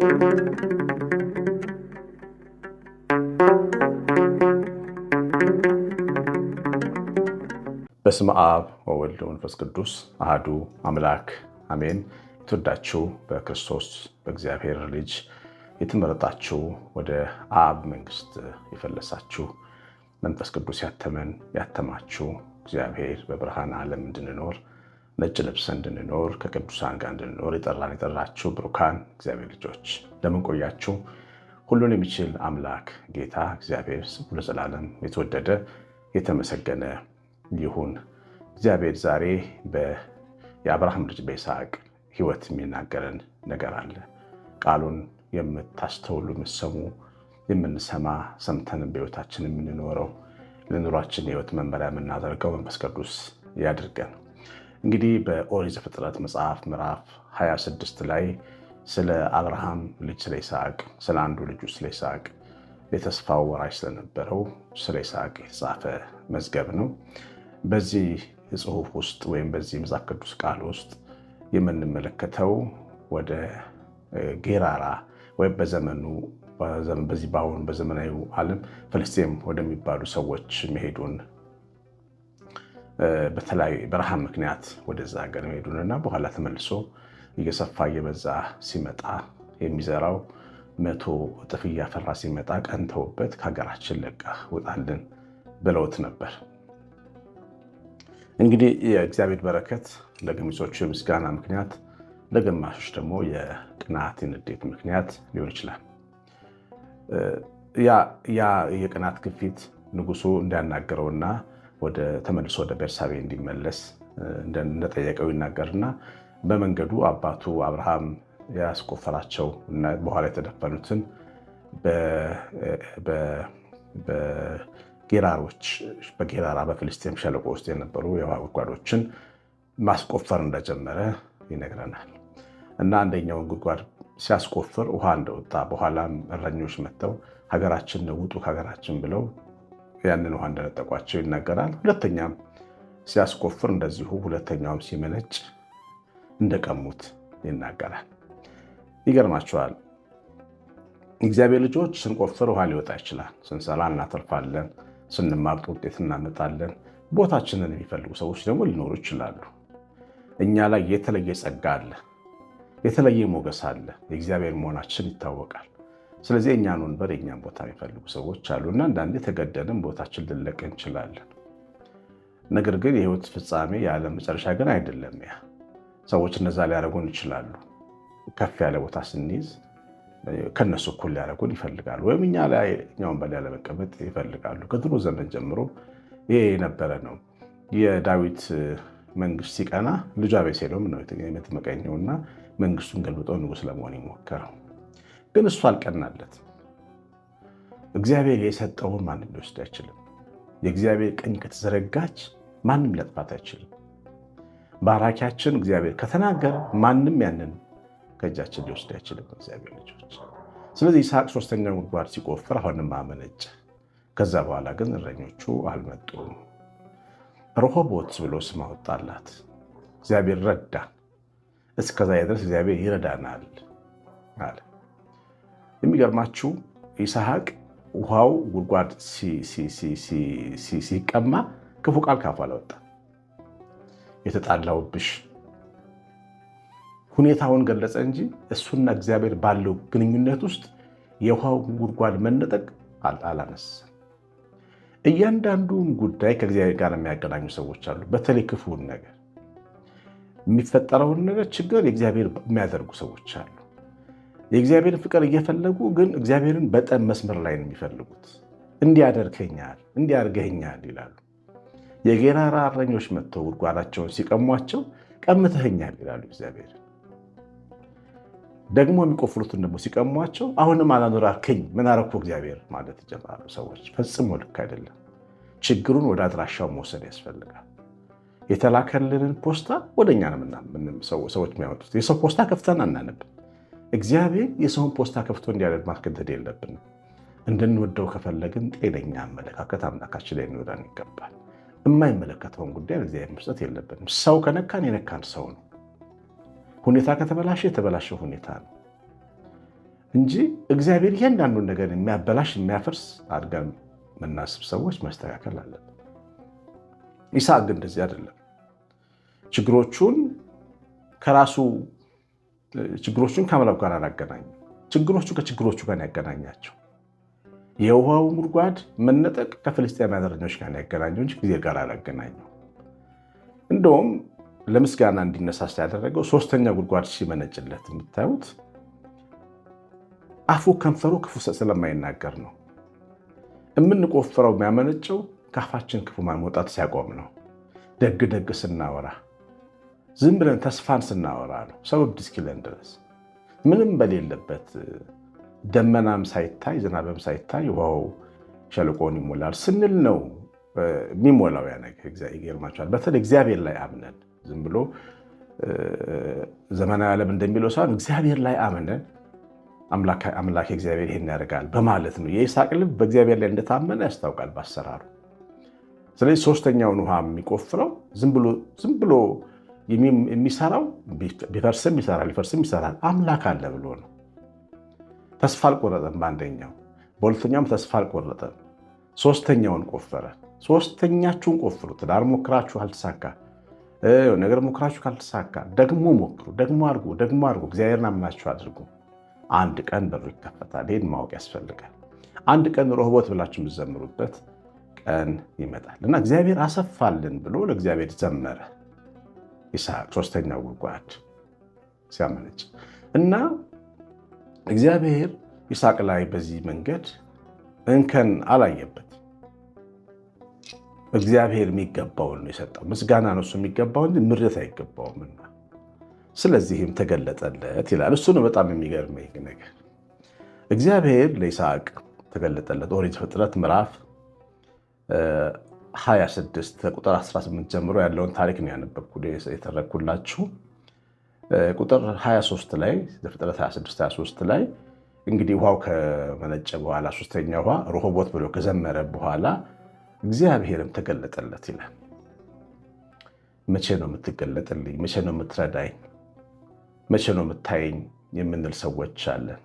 በስመ አብ ወወልድ ወመንፈስ ቅዱስ አህዱ አምላክ አሜን። የተወዳችሁ በክርስቶስ በእግዚአብሔር ልጅ የተመረጣችሁ ወደ አብ መንግስት የፈለሳችሁ መንፈስ ቅዱስ ያተመን ያተማችሁ እግዚአብሔር በብርሃን ዓለም እንድንኖር ነጭ ልብስ እንድንኖር ከቅዱሳን ጋር እንድንኖር የጠራን የጠራችሁ ብሩካን እግዚአብሔር ልጆች እንደምን ቆያችሁ? ሁሉን የሚችል አምላክ ጌታ እግዚአብሔር ስሙ ለዘላለም የተወደደ የተመሰገነ ይሁን። እግዚአብሔር ዛሬ የአብርሃም ልጅ በይስሐቅ ሕይወት የሚናገረን ነገር አለ። ቃሉን የምታስተውሉ የምሰሙ የምንሰማ ሰምተንም በሕይወታችን የምንኖረው ለኑሯችን የሕይወት መመሪያ የምናደርገው መንፈስ ቅዱስ ያድርገን። እንግዲህ በኦሪት ዘፍጥረት መጽሐፍ ምዕራፍ 26 ላይ ስለ አብርሃም ልጅ ስለ ይስሐቅ ስለ አንዱ ልጁ ስለ ይስሐቅ የተስፋው ወራሽ ስለነበረው ስለ ይስሐቅ የተጻፈ መዝገብ ነው። በዚህ ጽሑፍ ውስጥ ወይም በዚህ መጽሐፍ ቅዱስ ቃል ውስጥ የምንመለከተው ወደ ጌራራ ወይም በዘመኑ በዚህ በአሁኑ በዘመናዊ ዓለም ፍልስጤም ወደሚባሉ ሰዎች መሄዱን በተለያዩ በረሃብ ምክንያት ወደዛ ሀገር መሄዱንና በኋላ ተመልሶ እየሰፋ እየበዛ ሲመጣ የሚዘራው መቶ እጥፍ እያፈራ ሲመጣ ቀንተውበት ከሀገራችን ለቀህ ውጣልን ብለውት ነበር። እንግዲህ የእግዚአብሔር በረከት ለገሚሶቹ የምስጋና ምክንያት፣ ለግማሾች ደግሞ የቅናት ንዴት ምክንያት ሊሆን ይችላል። ያ የቅናት ግፊት ንጉሱ እንዳያናገረውና ወደ ተመልሶ ወደ ቤርሳቤ እንዲመለስ እንደጠየቀው ይናገርና በመንገዱ አባቱ አብርሃም ያስቆፈራቸው እና በኋላ የተደፈኑትን በጌራሮች በጌራራ በፍልስጤም ሸለቆ ውስጥ የነበሩ የውሃ ጉድጓዶችን ማስቆፈር እንደጀመረ ይነግረናል እና አንደኛውን ጉድጓድ ሲያስቆፍር ውሃ እንደወጣ በኋላም እረኞች መጥተው ሀገራችን ውጡ ከሀገራችን ብለው ያንን ውሃ እንደነጠቋቸው ይነገራል። ሁለተኛም ሲያስቆፍር እንደዚሁ ሁለተኛውም ሲመነጭ እንደቀሙት ይናገራል። ይገርማቸዋል። እግዚአብሔር ልጆች ስንቆፍር ውሃ ሊወጣ ይችላል። ስንሰራ እናተርፋለን። ስንማርጥ ውጤት እናመጣለን። ቦታችንን የሚፈልጉ ሰዎች ደግሞ ሊኖሩ ይችላሉ። እኛ ላይ የተለየ ጸጋ አለ፣ የተለየ ሞገስ አለ። የእግዚአብሔር መሆናችን ይታወቃል። ስለዚህ እኛን ወንበር የእኛን ቦታ የሚፈልጉ ሰዎች አሉ እና አንዳንዴ ተገደንም ቦታችን ልንለቅ እንችላለን። ነገር ግን የህይወት ፍጻሜ የዓለም መጨረሻ ግን አይደለም። ያ ሰዎች እነዛ ሊያደርጉን ይችላሉ። ከፍ ያለ ቦታ ስንይዝ ከነሱ እኩል ሊያደርጉን ይፈልጋሉ፣ ወይም እኛ ላይ እኛ ወንበር ላይ ለመቀመጥ ይፈልጋሉ። ከድሮ ዘመን ጀምሮ ይሄ የነበረ ነው። የዳዊት መንግስት ሲቀና ልጁ አቤሴሎም ነው የመጥመቀኛውና መንግስቱን ገልብጦ ንጉስ ለመሆን ይሞከረው። ግን እሱ አልቀናለት። እግዚአብሔር የሰጠውን ማንም ሊወስድ አይችልም። የእግዚአብሔር ቀኝ ከተዘረጋች ማንም ሊያጥፋት አይችልም። ባራኪያችን እግዚአብሔር ከተናገር ማንም ያንን ከእጃችን ሊወስድ አይችልም። እግዚአብሔር ልጆች። ስለዚህ ይስሐቅ ሶስተኛው ጉድጓድ ሲቆፍር አሁንም አመነጨ። ከዛ በኋላ ግን እረኞቹ አልመጡም። ረሆቦት ብሎ ስም አወጣላት። እግዚአብሔር ረዳ። እስከዛ ድረስ እግዚአብሔር ይረዳናል አለ። የሚገርማችሁ ይስሐቅ ውሃው ጉድጓድ ሲቀማ ክፉ ቃል ካፉ አለወጣ። የተጣላውብሽ ሁኔታውን ገለጸ እንጂ እሱና እግዚአብሔር ባለው ግንኙነት ውስጥ የውሃው ጉድጓድ መነጠቅ አላነሳም። እያንዳንዱን ጉዳይ ከእግዚአብሔር ጋር የሚያገናኙ ሰዎች አሉ። በተለይ ክፉውን ነገር የሚፈጠረውን ነገር ችግር የእግዚአብሔር የሚያደርጉ ሰዎች አሉ። የእግዚአብሔርን ፍቅር እየፈለጉ ግን እግዚአብሔርን በጠብ መስመር ላይ ነው የሚፈልጉት። እንዲያደርገኛል እንዲያርገኛል ይላሉ። የጌራራ እረኞች መጥተው ጉድጓዳቸውን ሲቀሟቸው ቀምተኸኛል ይላሉ እግዚአብሔር። ደግሞ የሚቆፍሩትን ደግሞ ሲቀሟቸው አሁንም አላኖራልከኝ ምን አረኩ እግዚአብሔር ማለት ይጀምራሉ ሰዎች። ፈጽሞ ልክ አይደለም። ችግሩን ወደ አድራሻው መውሰድ ያስፈልጋል። የተላከልንን ፖስታ ወደኛ ነው ሰዎች የሚያመጡት የሰው ፖስታ ከፍተን አናነብም። እግዚአብሔር የሰውን ፖስታ ከፍቶ እንዲያደርግ ማስገደድ የለብንም። እንድንወደው ከፈለግን ጤነኛ አመለካከት አምላካችን ላይ ሊኖረን ይገባል። የማይመለከተውን ጉዳይ ለእግዚአብሔር መስጠት የለብንም። ሰው ከነካን የነካን ሰው ነው። ሁኔታ ከተበላሸ የተበላሸ ሁኔታ ነው እንጂ እግዚአብሔር እያንዳንዱን ነገር የሚያበላሽ የሚያፈርስ አድርገን የምናስብ ሰዎች መስተካከል አለብን። ይስሐቅ ግን እንደዚህ አይደለም። ችግሮቹን ከራሱ ችግሮቹን ከአምላክ ጋር አላገናኙም። ችግሮቹ ከችግሮቹ ጋር ያገናኛቸው የውሃው ጉድጓድ መነጠቅ ከፍልስጤማውያን እረኞች ጋር ያገናኘው እንጂ ጊዜ ጋር አላገናኘው። እንደውም ለምስጋና እንዲነሳሳ ያደረገው ሶስተኛ ጉድጓድ ሲመነጭለት የምታዩት አፉ ከንፈሩ ክፉ ስለማይናገር ነው። የምንቆፍረው የሚያመነጨው ከአፋችን ክፉ ማን መውጣት ሲያቆም ነው። ደግ ደግ ስናወራ ዝም ብለን ተስፋን ስናወራ ነው። ሰው እብድ እስኪለን ድረስ ምንም በሌለበት ደመናም ሳይታይ ዝናብም ሳይታይ ውሃው ሸልቆን ይሞላል ስንል ነው የሚሞላው። ያ ነገር ይገርማቸዋል። በተለይ እግዚአብሔር ላይ አምነን ዝም ብሎ ዘመናዊ ዓለም እንደሚለው ሳይሆን እግዚአብሔር ላይ አምነን አምላክ እግዚአብሔር ይሄን ያደርጋል በማለት ነው። የይስሐቅ ልብ በእግዚአብሔር ላይ እንደታመነ ያስታውቃል በአሰራሩ። ስለዚህ ሶስተኛውን ውሃ የሚቆፍረው ዝም ብሎ የሚሰራው ቢፈርስም ይሰራል፣ ሊፈርስም ይሰራል። አምላክ አለ ብሎ ነው። ተስፋ አልቆረጠም። በአንደኛው በሁለተኛውም ተስፋ አልቆረጠም። ሶስተኛውን ቆፈረ። ሶስተኛችሁን ቆፍሩ። ትዳር ሞክራችሁ አልተሳካ፣ ነገር ሞክራችሁ ካልተሳካ ደግሞ ሞክሩ፣ ደግሞ አድርጉ፣ ደግሞ አድርጉ። እግዚአብሔርን አምናችሁ አድርጉ። አንድ ቀን በሩ ይከፈታል። ይህን ማወቅ ያስፈልጋል። አንድ ቀን ሮህቦት ብላችሁ የምትዘምሩበት ቀን ይመጣል እና እግዚአብሔር አሰፋልን ብሎ ለእግዚአብሔር ዘመረ። ይስሐቅ ሶስተኛው ጉድጓድ ሲያመነጭ እና እግዚአብሔር ይስሐቅ ላይ በዚህ መንገድ እንከን አላየበት። እግዚአብሔር የሚገባውን ነው የሰጠው። ምስጋና ነው እሱ የሚገባው እንጂ ምርት አይገባውምና ስለዚህም ተገለጠለት ይላል። እሱ ነው በጣም የሚገርመኝ ነገር። እግዚአብሔር ለይስሐቅ ተገለጠለት። ኦሪት ፍጥረት ምዕራፍ 26 ቁጥር 18 ጀምሮ ያለውን ታሪክ ነው ያነበብኩ የተረኩላችሁ። ቁጥር 23 ላይ ዘፍጥረት 26 23 ላይ እንግዲህ ውሃው ከመነጨ በኋላ ሶስተኛ ውሃ ሮሆቦት ብሎ ከዘመረ በኋላ እግዚአብሔርም ተገለጠለት ይላል። መቼ ነው የምትገለጥልኝ? መቼ ነው የምትረዳኝ? መቼ ነው የምታየኝ የምንል ሰዎች አለን።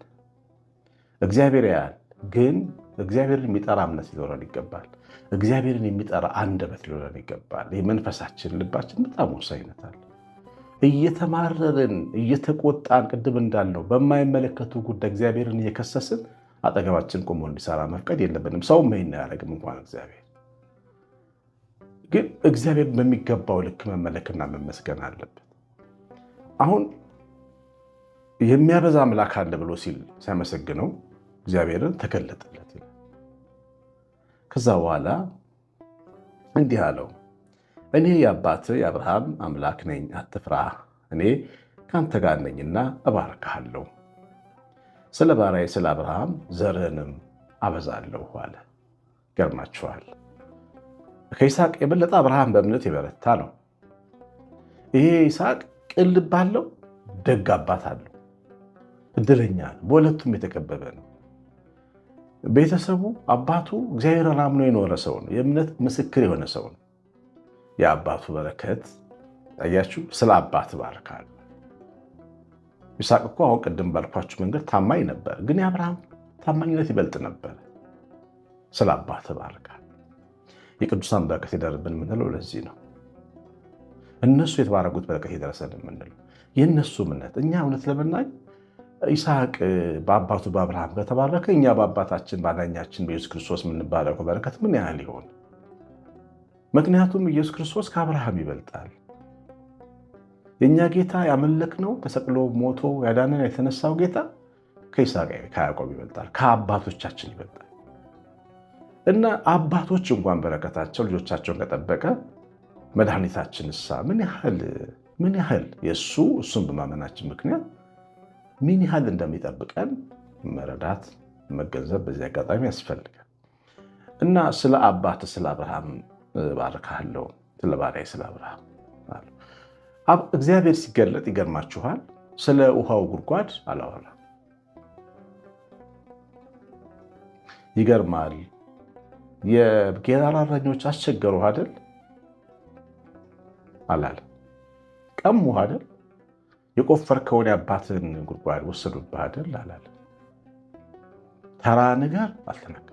እግዚአብሔር ያያል፣ ግን እግዚአብሔርን የሚጠራ እምነት ሊኖረን ይገባል። እግዚአብሔርን የሚጠራ አንደበት ሊሆነን ይገባል። የመንፈሳችን ልባችን በጣም ወሳኝነት አለ። እየተማረርን እየተቆጣን፣ ቅድም እንዳልነው በማይመለከቱ ጉዳይ እግዚአብሔርን እየከሰስን አጠገባችን ቆሞ እንዲሰራ መፍቀድ የለብንም። ሰው ይህን አያደርግም እንኳን እግዚአብሔር። ግን እግዚአብሔር በሚገባው ልክ መመለክና መመስገን አለበት። አሁን የሚያበዛ አምላክ አለ ብሎ ሲል ሲያመሰግነው እግዚአብሔርን ተገለጠለት ይላል። ከዛ በኋላ እንዲህ አለው፣ እኔ የአባት የአብርሃም አምላክ ነኝ፣ አትፍራ፣ እኔ ከአንተ ጋር ነኝና እባርካለሁ፣ ስለ ባሪያዬ ስለ አብርሃም ዘርህንም አበዛለሁ አለ። ገርማችኋል። ከይስሐቅ የበለጠ አብርሃም በእምነት የበረታ ነው። ይሄ ይስሐቅ ቅን ልብ አለው፣ ደግ አባት አለው፣ እድለኛ ነው፣ በሁለቱም የተከበበ ነው። ቤተሰቡ አባቱ እግዚአብሔርን አምኖ የኖረ ሰው ነው። የእምነት ምስክር የሆነ ሰው ነው። የአባቱ በረከት አያችሁ። ስለ አባት ባርካል። ይስሐቅ እኮ አሁን ቅድም ባልኳችሁ መንገድ ታማኝ ነበር፣ ግን የአብርሃም ታማኝነት ይበልጥ ነበር። ስለ አባት ባርካል። የቅዱሳን በረከት ይደርብን የምንለው ለዚህ ነው። እነሱ የተባረጉት በረከት የደረሰን የምንለው የእነሱ እምነት እኛ እውነት ለመናኝ ይስሐቅ በአባቱ በአብርሃም ከተባረከ እኛ በአባታችን ባዳኛችን በኢየሱስ ክርስቶስ የምንባረከው በረከት ምን ያህል ይሆን? ምክንያቱም ኢየሱስ ክርስቶስ ከአብርሃም ይበልጣል። የእኛ ጌታ ያመለክነው ተሰቅሎ ሞቶ ያዳነን የተነሳው ጌታ ከይስሐቅ ከያዕቆብ ይበልጣል፣ ከአባቶቻችን ይበልጣል። እና አባቶች እንኳን በረከታቸው ልጆቻቸውን ከጠበቀ መድኃኒታችን እሳ ምን ያህል ምን ያህል የእሱ እሱን በማመናችን ምክንያት ምን ያህል እንደሚጠብቀን መረዳት መገንዘብ በዚህ አጋጣሚ ያስፈልጋል እና ስለ አባት ስለ አብርሃም ባርካለው ስለ ባሪያ ስለ አብርሃም እግዚአብሔር ሲገለጥ ይገርማችኋል። ስለ ውሃው ጉድጓድ አላወራ። ይገርማል። የጌራራ እረኞች አስቸገሩ አደል አላለ። ቀሙ አይደል የቆፈርከውን አባትን ጉድጓድ ወሰዱብህ አይደል አላለ። ተራ ነገር አልተናገርም።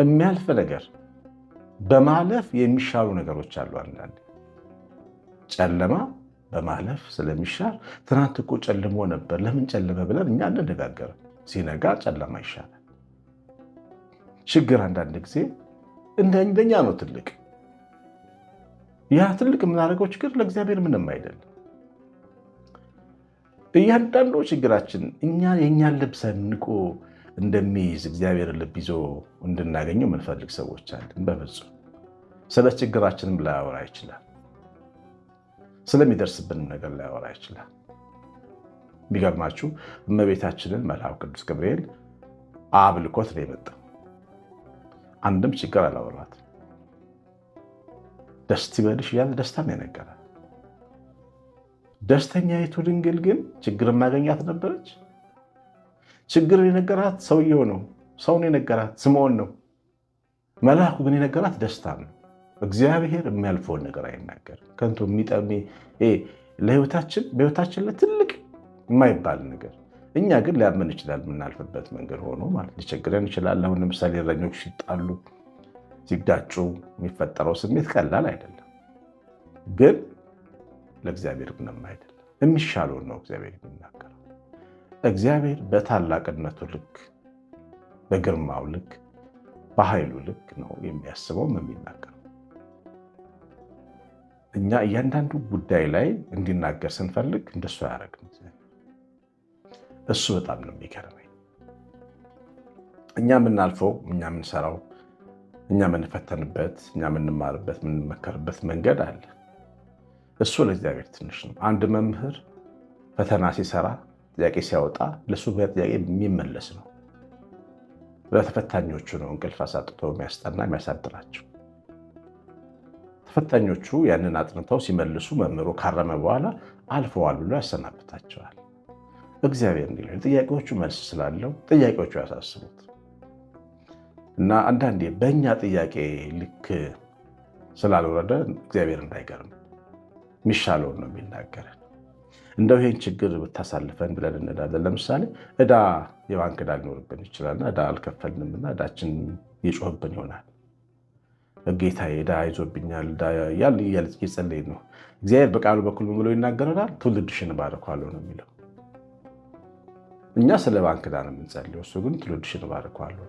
የሚያልፍ ነገር በማለፍ የሚሻሉ ነገሮች አሉ። አንዳንዴ ጨለማ በማለፍ ስለሚሻል ትናንት እኮ ጨልሞ ነበር፣ ለምን ጨለመ ብለን እኛ እንደነጋገርን፣ ሲነጋ ጨለማ ይሻላል። ችግር አንዳንድ ጊዜ እንደኛ ነው ትልቅ። ያ ትልቅ የምናደርገው ችግር ለእግዚአብሔር ምንም አይደለም። እያንዳንዱ ችግራችን እኛ የእኛን ልብ ሰንቆ እንደሚይዝ እግዚአብሔር ልብ ይዞ እንድናገኘው የምንፈልግ ሰዎች አለን። በፍጹም ስለ ችግራችንም ላያወራ ይችላል። ስለሚደርስብንም ነገር ላያወራ ይችላል። የሚገርማችሁ እመቤታችንን መልአኩ ቅዱስ ገብርኤል አብልኮት ነው የመጣው። አንድም ችግር አላወራት። ደስ ይበልሽ እያለ ነው የነገራል። ደስተኛይቱ ድንግል ግን ችግር የማገኛት ነበረች። ችግር የነገራት ሰውየው ነው። ሰውን የነገራት ስምዖን ነው። መልአኩ ግን የነገራት ደስታ ነው። እግዚአብሔር የሚያልፈውን ነገር አይናገርም። ከንቱ የሚጠሚ ለህይወታችን በህይወታችን ለትልቅ የማይባል ነገር እኛ ግን ሊያመን ይችላል። የምናልፍበት መንገድ ሆኖ ማለት ሊቸግረን ይችላል። አሁን ለምሳሌ እረኞች ሲጣሉ ሲጋጩ የሚፈጠረው ስሜት ቀላል አይደለም ግን ለእግዚአብሔር ምንም አይደለም። የሚሻለውን ነው እግዚአብሔር የሚናገረው። እግዚአብሔር በታላቅነቱ ልክ፣ በግርማው ልክ፣ በኃይሉ ልክ ነው የሚያስበውም የሚናገረው። እኛ እያንዳንዱ ጉዳይ ላይ እንዲናገር ስንፈልግ እንደሱ አያደርግም። እሱ በጣም ነው የሚገርመኝ። እኛ የምናልፈው እኛ የምንሰራው እኛ የምንፈተንበት እኛ የምንማርበት የምንመከርበት መንገድ አለ። እሱ ለእግዚአብሔር ትንሽ ነው። አንድ መምህር ፈተና ሲሰራ ጥያቄ ሲያወጣ ለእሱ ጥያቄ የሚመለስ ነው። ለተፈታኞቹ ነው እንቅልፍ አሳጥቶ የሚያስጠና የሚያሳድራቸው። ተፈታኞቹ ያንን አጥንተው ሲመልሱ መምህሩ ካረመ በኋላ አልፈዋል ብሎ ያሰናብታቸዋል። እግዚአብሔር እንዲ ጥያቄዎቹ መልስ ስላለው ጥያቄዎቹ ያሳስቡት እና አንዳንዴ በእኛ ጥያቄ ልክ ስላልወረደ እግዚአብሔር እንዳይገርም የሚሻለውን ነው የሚናገረን። እንደው ይህን ችግር ብታሳልፈን ብለን እንላለን። ለምሳሌ እዳ የባንክ እዳ ሊኖርብን ይችላልና እዳ አልከፈልንምና እዳችን የጮህብን ይሆናል። ጌታዬ እዳ ይዞብኛል እያል ነው። እግዚአብሔር በቃሉ በኩል ብሎ ይናገረናል። ትውልድሽን እባርከዋለሁ ነው የሚለው። እኛ ስለ ባንክ እዳ ነው የምንጸልየው፣ እሱ ግን ትውልድሽን እባርከዋለሁ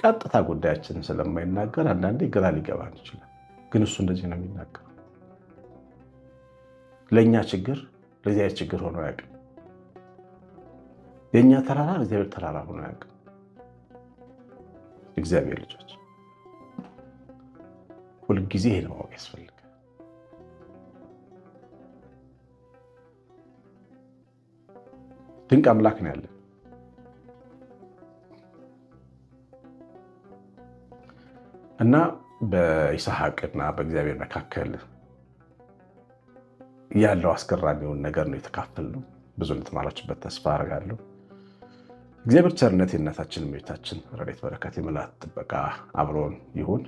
ቀጥታ ጉዳያችንን ስለማይናገር አንዳንዴ ግራ ሊገባን ይችላል። ግን እሱ እንደዚህ ነው የሚናገረው። ለእኛ ችግር ለእግዚአብሔር ችግር ሆኖ አያውቅም። የእኛ ተራራ ለእግዚአብሔር ተራራ ሆኖ አያውቅም። እግዚአብሔር ልጆች ሁልጊዜ ይህን ማወቅ ያስፈልጋል። ድንቅ አምላክ ነው ያለን። እና በይስሐቅና በእግዚአብሔር መካከል ያለው አስገራሚውን ነገር ነው የተካፈልነው። ብዙ ልትማራችበት ተስፋ አደርጋለሁ። እግዚአብሔር ቸርነት የእናታችን ቤታችን ረድኤት በረከት የመላት ጥበቃ አብሮን ይሁን።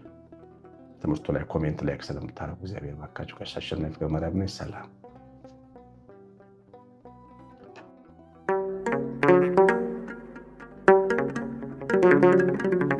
ትምህርቱ ላይ ኮሜንት ላይ ክስል ስለምታደርጉ እግዚአብሔር ባካችሁ ጋሽ አሸናፊ ገብረማርያም ነኝ። ሰላም Thank